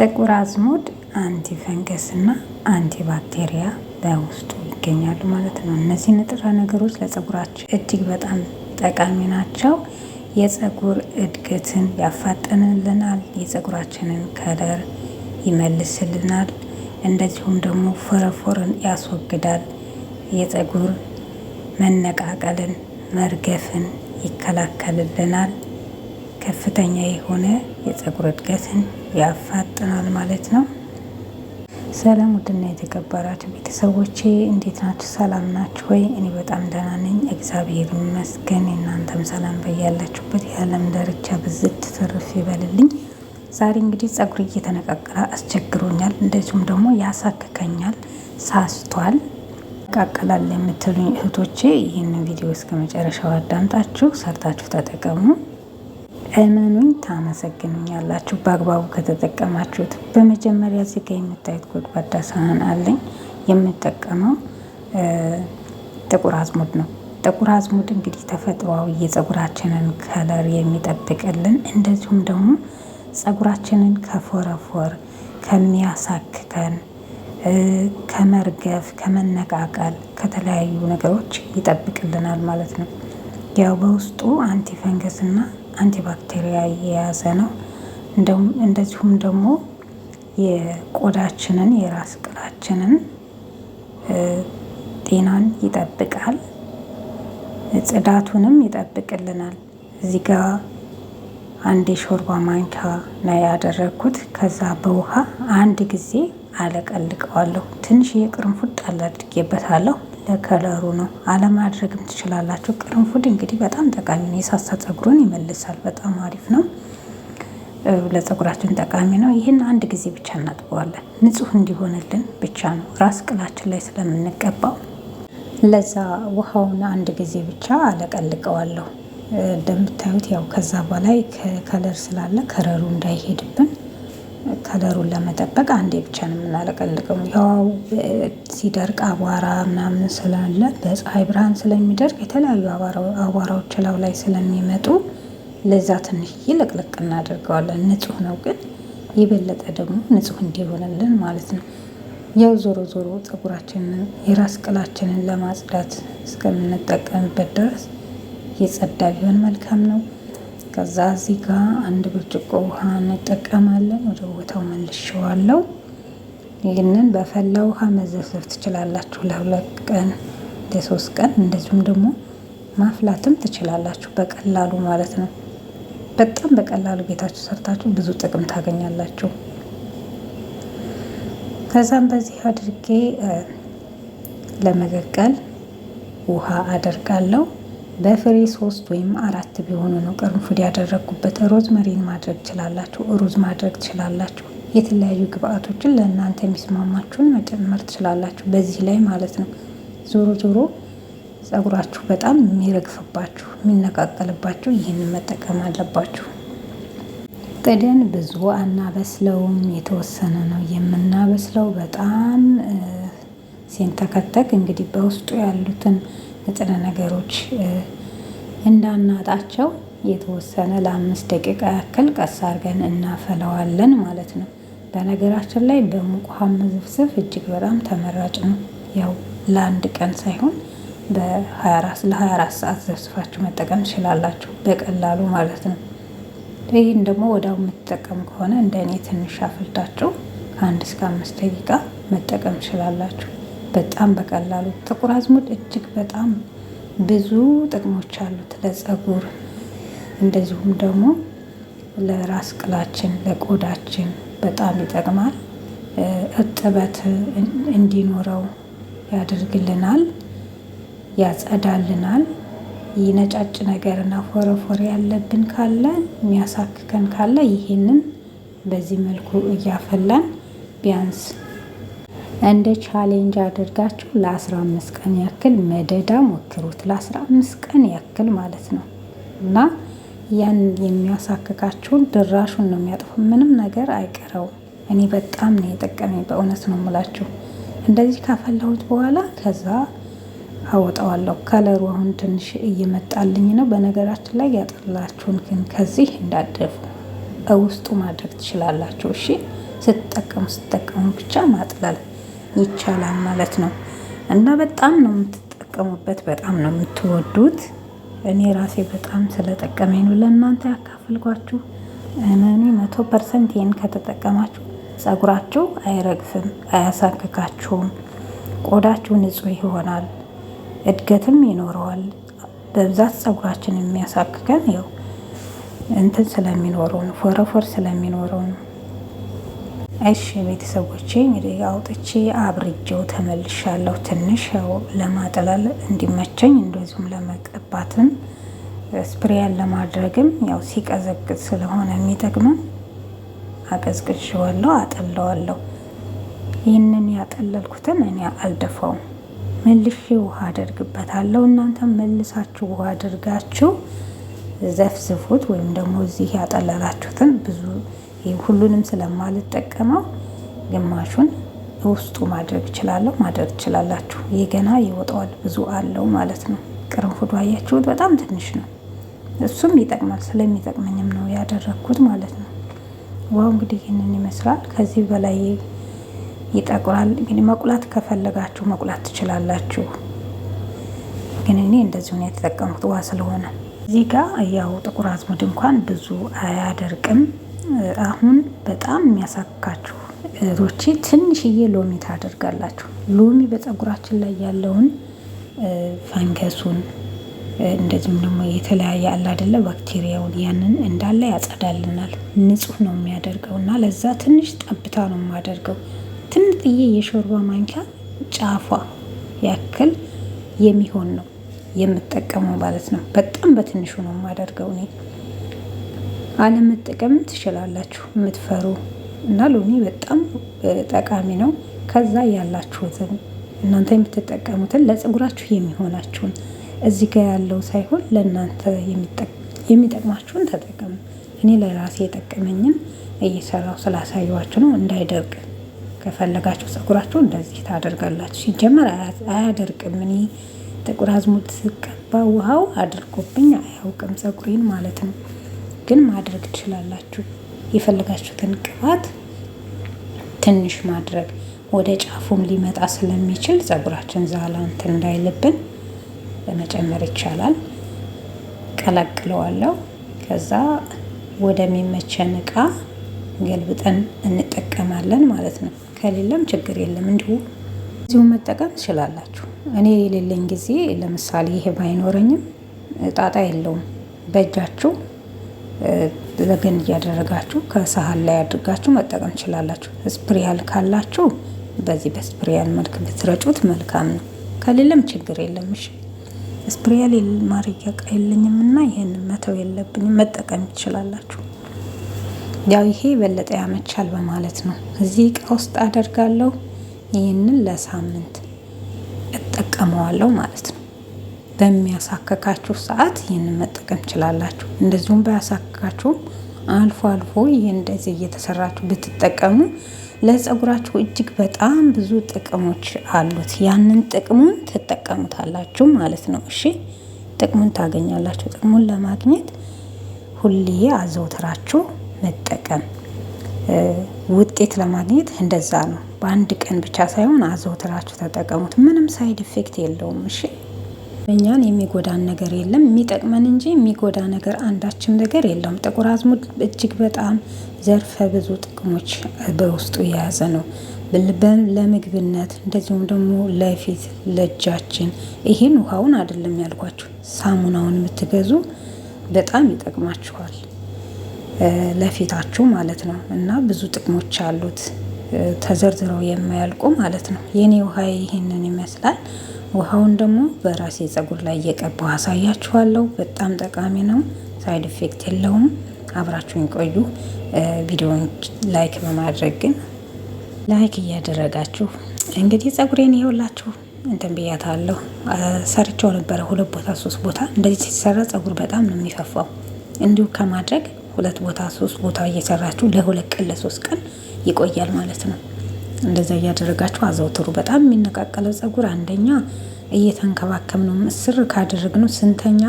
ጥቁር አዝሙድ አንቲ ፈንገስ እና አንቲ ባክቴሪያ በውስጡ ይገኛሉ ማለት ነው። እነዚህ ንጥረ ነገሮች ለፀጉራችን እጅግ በጣም ጠቃሚ ናቸው። የፀጉር እድገትን ያፋጠንልናል፣ የፀጉራችንን ከለር ይመልስልናል፣ እንደዚሁም ደግሞ ፎረፎርን ያስወግዳል፣ የፀጉር መነቃቀልን መርገፍን ይከላከልልናል። ከፍተኛ የሆነ የፀጉር እድገትን ያፋጥናል ማለት ነው። ሰላም ውድና የተከበራችሁ ቤተሰቦቼ እንዴት ናችሁ? ሰላም ናችሁ ወይ? እኔ በጣም ደህና ነኝ፣ እግዚአብሔር ይመስገን። እናንተም ሰላም በያላችሁበት የዓለም ዳርቻ ብዝት ትርፍ ይበልልኝ። ዛሬ እንግዲህ ፀጉር እየተነቃቀለ አስቸግሮኛል፣ እንደዚሁም ደግሞ ያሳክከኛል፣ ሳስቷል፣ ቃቀላል የምትሉኝ እህቶቼ ይህንን ቪዲዮ እስከ መጨረሻው አዳምጣችሁ ሰርታችሁ ተጠቀሙ። እመኑኝ ታመሰግኑኛላችሁ በአግባቡ ከተጠቀማችሁት። በመጀመሪያ እዚህ ጋ የምታዩት ጎድጓዳ ሳህን አለኝ። የምጠቀመው ጥቁር አዝሙድ ነው። ጥቁር አዝሙድ እንግዲህ ተፈጥሯዊ የጸጉራችንን ከለር የሚጠብቅልን እንደዚሁም ደግሞ ፀጉራችንን ከፎረፎር ከሚያሳክከን ከመርገፍ ከመነቃቀል ከተለያዩ ነገሮች ይጠብቅልናል ማለት ነው። ያው በውስጡ አንቲ ፈንገስ እና አንቲባክቴሪያ የያዘ ነው። እንደዚሁም ደግሞ የቆዳችንን የራስ ቅላችንን ጤናን ይጠብቃል፣ ጽዳቱንም ይጠብቅልናል። እዚህ ጋ አንድ የሾርባ ማንኪያ ነው ያደረግኩት። ከዛ በውሃ አንድ ጊዜ አለቀልቀዋለሁ። ትንሽ የቅርንፉድ ጣል አድርጌበታለሁ። ለከለሩ ነው። አለማድረግም ትችላላችሁ። ቅርንፉድ እንግዲህ በጣም ጠቃሚ ነው። የሳሳ ፀጉሩን ይመልሳል። በጣም አሪፍ ነው። ለጸጉራችን ጠቃሚ ነው። ይህን አንድ ጊዜ ብቻ እናጥበዋለን። ንጹህ እንዲሆንልን ብቻ ነው። ራስ ቅላችን ላይ ስለምንቀባው ለዛ ውሃውን አንድ ጊዜ ብቻ አለቀልቀዋለሁ። እንደምታዩት ያው ከዛ በላይ ከለር ስላለ ከረሩ እንዳይሄድብን ከለሩን ለመጠበቅ አንዴ ብቻ ነው የምናለቀልቀው። ያው ሲደርቅ አቧራ ምናምን ስላለ በፀሐይ ብርሃን ስለሚደርቅ የተለያዩ አቧራዎች ላው ላይ ስለሚመጡ ለዛ ትንሽ ይለቅልቅ እናደርገዋለን። ንጹህ ነው ግን የበለጠ ደግሞ ንጹህ እንዲሆንልን ማለት ነው። ያው ዞሮ ዞሮ ፀጉራችንን የራስ ቅላችንን ለማጽዳት እስከምንጠቀምበት ድረስ የጸዳ ቢሆን መልካም ነው። ከዛ እዚህ ጋር አንድ ብርጭቆ ውሃ እንጠቀማለን። ወደ ቦታው መልሸዋለው። ይህንን በፈላ ውሃ መዘፍዘፍ ትችላላችሁ። ለሁለት ቀን ለሶስት ቀን እንደዚሁም ደግሞ ማፍላትም ትችላላችሁ በቀላሉ ማለት ነው። በጣም በቀላሉ ቤታችሁ ሰርታችሁ ብዙ ጥቅም ታገኛላችሁ። ከዛም በዚህ አድርጌ ለመቀቀል ውሃ አደርጋለሁ። በፍሬ ሶስት ወይም አራት ቢሆኑ ነው ቅርንፉድ ያደረግኩበት። ሮዝመሪን ማድረግ ትችላላችሁ፣ ሩዝ ማድረግ ትችላላችሁ። የተለያዩ ግብአቶችን ለእናንተ የሚስማማችሁን መጨመር ትችላላችሁ በዚህ ላይ ማለት ነው። ዞሮ ዞሮ ጸጉራችሁ በጣም የሚረግፍባችሁ የሚነቃቀልባችሁ ይህንን መጠቀም አለባችሁ። ቅደን ብዙ አናበስለውም፣ የተወሰነ ነው የምናበስለው። በጣም ሲንተከተክ እንግዲህ በውስጡ ያሉትን ንጥረ ነገሮች እንዳናጣቸው የተወሰነ ለአምስት ደቂቃ ያክል ቀስ አድርገን እናፈለዋለን ማለት ነው። በነገራችን ላይ በሙቅ ውሃ መዘፍዘፍ እጅግ በጣም ተመራጭ ነው። ያው ለአንድ ቀን ሳይሆን ለ24 ሰዓት ዘፍዝፋችሁ መጠቀም ትችላላችሁ፣ በቀላሉ ማለት ነው። ይህን ደግሞ ወዳው የምትጠቀም ከሆነ እንደ እኔ ትንሽ አፍልታችሁ ከአንድ እስከ አምስት ደቂቃ መጠቀም ትችላላችሁ። በጣም በቀላሉ ጥቁር አዝሙድ እጅግ በጣም ብዙ ጥቅሞች አሉት። ለፀጉር እንደዚሁም ደግሞ ለራስ ቅላችን፣ ለቆዳችን በጣም ይጠቅማል። እርጥበት እንዲኖረው ያደርግልናል፣ ያጸዳልናል። ነገር ነገርና ፎረፎር ያለብን ካለ የሚያሳክከን ካለ ይሄንን በዚህ መልኩ እያፈላን ቢያንስ እንደ ቻሌንጅ አድርጋችሁ ለ15 ቀን ያክል መደዳ ሞክሩት። ለ15 ቀን ያክል ማለት ነው እና ያን የሚያሳክካችሁን ድራሹን ነው የሚያጥፉ። ምንም ነገር አይቀረውም። እኔ በጣም ነው የጠቀመኝ፣ በእውነት ነው ሙላችሁ። እንደዚህ ካፈላሁት በኋላ ከዛ አወጣዋለሁ። ከለሩ አሁን ትንሽ እየመጣልኝ ነው። በነገራችን ላይ ያጠላችሁን ግን ከዚህ እንዳደፉ ውስጡ ማድረግ ትችላላችሁ። እሺ ስትጠቀሙ ስትጠቀሙ ብቻ ማጥላል ይቻላል ማለት ነው። እና በጣም ነው የምትጠቀሙበት፣ በጣም ነው የምትወዱት። እኔ ራሴ በጣም ስለጠቀመኝ ነው ለእናንተ ያካፈልኳችሁ። እኔ መቶ ፐርሰንት ይህን ከተጠቀማችሁ ጸጉራችሁ አይረግፍም፣ አያሳክካችሁም፣ ቆዳችሁ ንጹህ ይሆናል፣ እድገትም ይኖረዋል። በብዛት ጸጉራችን የሚያሳክከን ያው እንትን ስለሚኖረው ነው፣ ፎረፎር ስለሚኖረው ነው። እሺ ቤተሰቦቼ እንግዲህ አውጥቼ አብርጄው ተመልሻለሁ። ትንሽ ያው ለማጥለል እንዲመቸኝ እንደዚሁም ለመቀባትም ስፕሬያን ለማድረግም ያው ሲቀዘቅዝ ስለሆነ የሚጠቅመን አቀዝቅዤዋለሁ፣ አጠለዋለሁ። ይህንን ያጠለልኩትን እኔ አልደፋውም፣ መልሼ ውሃ አደርግበታለሁ። እናንተ መልሳችሁ ውሃ አድርጋችሁ ዘፍዝፉት፣ ወይም ደግሞ እዚህ ያጠለላችሁትን ብዙ ሁሉንም ስለማልጠቀመው ግማሹን ውስጡ ማድረግ እችላለሁ፣ ማድረግ ትችላላችሁ። ይህ ገና ይወጣዋል፣ ብዙ አለው ማለት ነው። ቅርንፉዱ አያችሁት፣ በጣም ትንሽ ነው። እሱም ይጠቅማል፣ ስለሚጠቅመኝም ነው ያደረግኩት ማለት ነው። ዋው እንግዲህ ይህንን ይመስላል። ከዚህ በላይ ይጠቁራል። እንግዲህ መቁላት ከፈለጋችሁ መቁላት ትችላላችሁ። ግን እኔ እንደዚህ ሁኔ የተጠቀምኩት ዋ ስለሆነ እዚህ ጋር ያው ጥቁር አዝሙድ እንኳን ብዙ አያደርቅም። አሁን በጣም የሚያሳካችሁ እህቶቼ ትንሽዬ ሎሚ ታደርጋላችሁ። ሎሚ በፀጉራችን ላይ ያለውን ፈንገሱን እንደዚሁም ደግሞ የተለያየ አለ አይደለ ባክቴሪያውን ያንን እንዳለ ያጸዳልናል፣ ንጹህ ነው የሚያደርገው እና ለዛ ትንሽ ጠብታ ነው የማደርገው። ትንጥዬ የሾርባ ማንኪያ ጫፏ ያክል የሚሆን ነው የምጠቀመው ማለት ነው። በጣም በትንሹ ነው የማደርገው እኔ። አለመጠቀም ትችላላችሁ። የምትፈሩ እና ሎሚ በጣም ጠቃሚ ነው። ከዛ ያላችሁትን እናንተ የምትጠቀሙትን ለፀጉራችሁ የሚሆናችሁን እዚህ ጋር ያለው ሳይሆን ለእናንተ የሚጠቅማችሁን ተጠቀሙ። እኔ ለራሴ የጠቀመኝን እየሰራው ስላሳየዋችሁ ነው። እንዳይደርቅ ከፈለጋችሁ ጸጉራችሁ እንደዚህ ታደርጋላችሁ። ሲጀመር አያደርቅም። እኔ ጥቁር አዝሙድ ስቀባ ውሃው አድርጎብኝ አያውቅም ጸጉሬን ማለት ነው። ግን ማድረግ ትችላላችሁ። የፈለጋችሁትን ቅባት ትንሽ ማድረግ ወደ ጫፉም ሊመጣ ስለሚችል ጸጉራችን ዛላንት እንዳይልብን መጨመር ይቻላል። ቀላቅለዋለሁ። ከዛ ወደሚመቸን እቃ ገልብጠን እንጠቀማለን ማለት ነው። ከሌለም ችግር የለም እንዲሁ እዚሁ መጠቀም ትችላላችሁ። እኔ የሌለኝ ጊዜ ለምሳሌ ይሄ ባይኖረኝም ጣጣ የለውም በእጃችሁ በገንድ እያደረጋችሁ ከሳህን ላይ አድርጋችሁ መጠቀም ትችላላችሁ። ስፕሪያል ካላችሁ በዚህ በስፕሪያል መልክ ብትረጩት መልካም ነው። ከሌለም ችግር የለም። እሺ ስፕሪያል ማድረጊያ የለኝም እና ይህን መተው የለብኝም መጠቀም ትችላላችሁ። ያው ይሄ የበለጠ ያመቻል በማለት ነው። እዚህ እቃ ውስጥ አደርጋለሁ። ይህንን ለሳምንት እጠቀመዋለሁ ማለት ነው። በሚያሳክካችሁ ሰዓት ይህንን መጠቀም ችላላችሁ። እንደዚሁም ባያሳክካችሁም አልፎ አልፎ ይህ እንደዚህ እየተሰራችሁ ብትጠቀሙ ለፀጉራችሁ እጅግ በጣም ብዙ ጥቅሞች አሉት። ያንን ጥቅሙን ትጠቀሙታላችሁ ማለት ነው። እሺ ጥቅሙን ታገኛላችሁ። ጥቅሙን ለማግኘት ሁሌ አዘውትራችሁ መጠቀም ውጤት ለማግኘት እንደዛ ነው። በአንድ ቀን ብቻ ሳይሆን አዘውትራችሁ ተጠቀሙት። ምንም ሳይድ ኢፌክት የለውም። እሺ እኛን የሚጎዳን ነገር የለም፣ የሚጠቅመን እንጂ የሚጎዳ ነገር አንዳችም ነገር የለውም። ጥቁር አዝሙድ እጅግ በጣም ዘርፈ ብዙ ጥቅሞች በውስጡ የያዘ ነው። ለምግብነት እንደዚሁም ደግሞ ለፊት ለእጃችን። ይህን ውሃውን አይደለም ያልኳችሁ፣ ሳሙናውን የምትገዙ በጣም ይጠቅማችኋል ለፊታችሁ ማለት ነው። እና ብዙ ጥቅሞች አሉት ተዘርዝረው የማያልቁ ማለት ነው። የኔ ውሃ ይህንን ይመስላል። ውሃውን ደግሞ በራሴ ጸጉር ላይ እየቀባው አሳያችኋለሁ። በጣም ጠቃሚ ነው፣ ሳይድ ኢፌክት የለውም። አብራችሁን ቆዩ። ቪዲዮን ላይክ በማድረግ ግን ላይክ እያደረጋችሁ እንግዲህ ጸጉሬን ይኸውላችሁ እንትን ብያታለሁ። ሰርቸው ነበረ ሁለት ቦታ ሶስት ቦታ። እንደዚህ ሲሰራ ጸጉር በጣም ነው የሚፈፋው። እንዲሁ ከማድረግ ሁለት ቦታ ሶስት ቦታ እየሰራችሁ ለሁለት ቀን ለሶስት ቀን ይቆያል ማለት ነው። እንደዛ እያደረጋችሁ አዘውትሩ። በጣም የሚነቃቀለው ፀጉር አንደኛ እየተንከባከብ ነው ምስር ካደረግነው ስንተኛ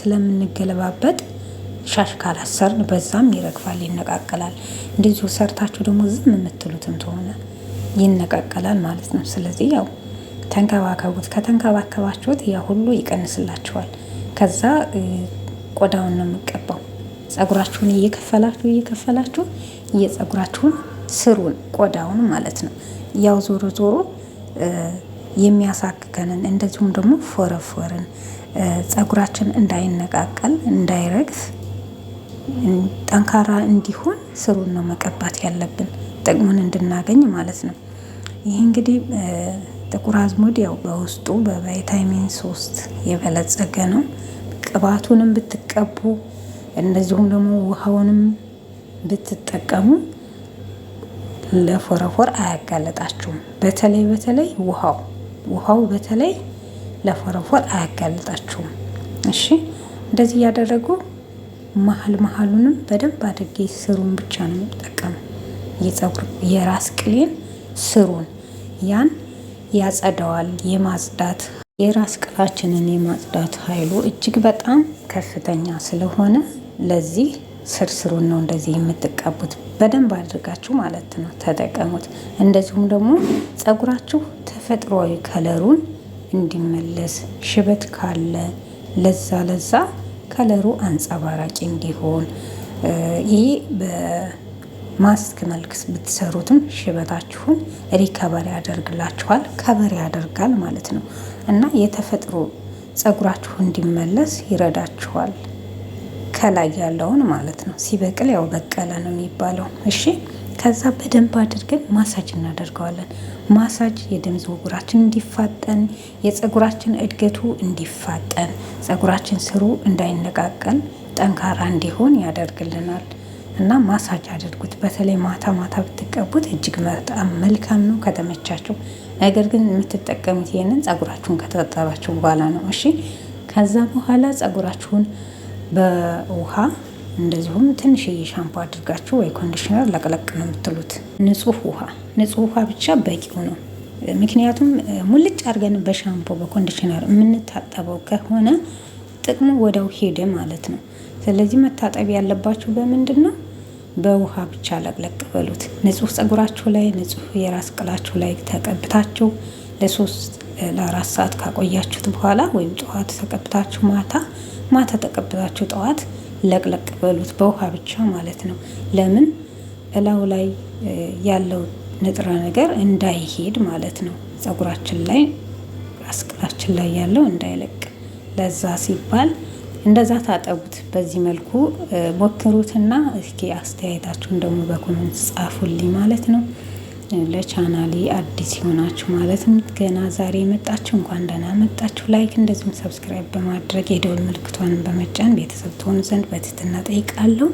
ስለምንገለባበጥ ሻሽ ካላሰርን በዛም ይረግፋል፣ ይነቃቀላል። እንደዚሁ ሰርታችሁ ደግሞ ዝም የምትሉትም ተሆነ ይነቃቀላል ማለት ነው። ስለዚህ ያው ተንከባከቡት። ከተንከባከባችሁት ያ ሁሉ ይቀንስላችኋል። ከዛ ቆዳውን ነው የምቀባው። ጸጉራችሁን እየከፈላችሁ እየከፈላችሁ እየጸጉራችሁን ስሩን ቆዳውን ማለት ነው። ያው ዞሮ ዞሮ የሚያሳክከንን እንደዚሁም ደግሞ ፎረፎርን ጸጉራችን እንዳይነቃቀል እንዳይረግፍ ጠንካራ እንዲሆን ስሩን ነው መቀባት ያለብን ጥቅሙን እንድናገኝ ማለት ነው። ይህ እንግዲህ ጥቁር አዝሙድ ያው በውስጡ በቫይታሚን ሶስት የበለጸገ ነው። ቅባቱንም ብትቀቡ እንደዚሁም ደግሞ ውሃውንም ብትጠቀሙ ለፎረፎር አያጋለጣችሁም። በተለይ በተለይ ውሃው ውሃው በተለይ ለፎረፎር አያጋለጣችሁም። እሺ እንደዚህ እያደረጉ መሀል መሀሉንም በደንብ አድርጌ ስሩን ብቻ ነው የምጠቀም። የጸጉር የራስ ቅሌን ስሩን ያን ያጸደዋል። የማጽዳት የራስ ቅላችንን የማጽዳት ኃይሉ እጅግ በጣም ከፍተኛ ስለሆነ ለዚህ ስርስሩን ነው እንደዚህ የምትቀቡት በደንብ አድርጋችሁ ማለት ነው ተጠቀሙት። እንደዚሁም ደግሞ ጸጉራችሁ ተፈጥሯዊ ከለሩን እንዲመለስ ሽበት ካለ ለዛ ለዛ ከለሩ አንጸባራቂ እንዲሆን ይሄ በማስክ መልክ ብትሰሩትም ሽበታችሁን ሪከበር ያደርግላችኋል፣ ከበር ያደርጋል ማለት ነው እና የተፈጥሮ ጸጉራችሁ እንዲመለስ ይረዳችኋል። ከላይ ያለውን ማለት ነው። ሲበቅል ያው በቀለ ነው የሚባለው። እሺ ከዛ በደንብ አድርገን ማሳጅ እናደርገዋለን። ማሳጅ የደም ዝውውራችን እንዲፋጠን፣ የፀጉራችን እድገቱ እንዲፋጠን፣ ፀጉራችን ስሩ እንዳይነቃቀል፣ ጠንካራ እንዲሆን ያደርግልናል። እና ማሳጅ አድርጉት። በተለይ ማታ ማታ ብትቀቡት እጅግ በጣም መልካም ነው ከተመቻቸው ነገር ግን የምትጠቀሙት ይሄንን ፀጉራችሁን ከተጠባችሁ በኋላ ነው። እሺ ከዛ በኋላ ፀጉራችሁን በውሃ እንደዚሁም ትንሽዬ ሻምፖ አድርጋችሁ ወይ ኮንዲሽነር ለቅለቅ ነው የምትሉት። ንጹህ ውሃ ንጹህ ውሃ ብቻ በቂው ነው። ምክንያቱም ሙልጭ አድርገን በሻምፖ በኮንዲሽነር የምንታጠበው ከሆነ ጥቅሙ ወደው ሄደ ማለት ነው። ስለዚህ መታጠብ ያለባችሁ በምንድን ነው? በውሃ ብቻ ለቅለቅ በሉት። ንጹህ ጸጉራችሁ ላይ፣ ንጹህ የራስ ቅላችሁ ላይ ተቀብታችሁ ለሶስት ለአራት ሰዓት ካቆያችሁት በኋላ ወይም ጠዋት ተቀብታችሁ ማታ ማታ ተቀብታችሁ ጠዋት ለቅለቅ በሉት በውሃ ብቻ ማለት ነው። ለምን እላው ላይ ያለው ንጥረ ነገር እንዳይሄድ ማለት ነው። ጸጉራችን ላይ አስቅላችን ላይ ያለው እንዳይለቅ ለዛ ሲባል እንደዛ ታጠቡት። በዚህ መልኩ ሞክሩትና እስኪ አስተያየታችሁን ደግሞ በኮመንት ጻፉልኝ ማለት ነው። ለቻናሌ አዲስ የሆናችሁ ማለትም ገና ዛሬ የመጣችሁ እንኳን ደህና መጣችሁ። ላይክ እንደዚሁም ሰብስክራይብ በማድረግ የደውል ምልክቷን በመጫን ቤተሰብ ትሆኑ ዘንድ በትህትና ጠይቃለሁ።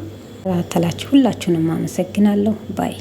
ተላችሁ ሁላችሁንም አመሰግናለሁ ባይ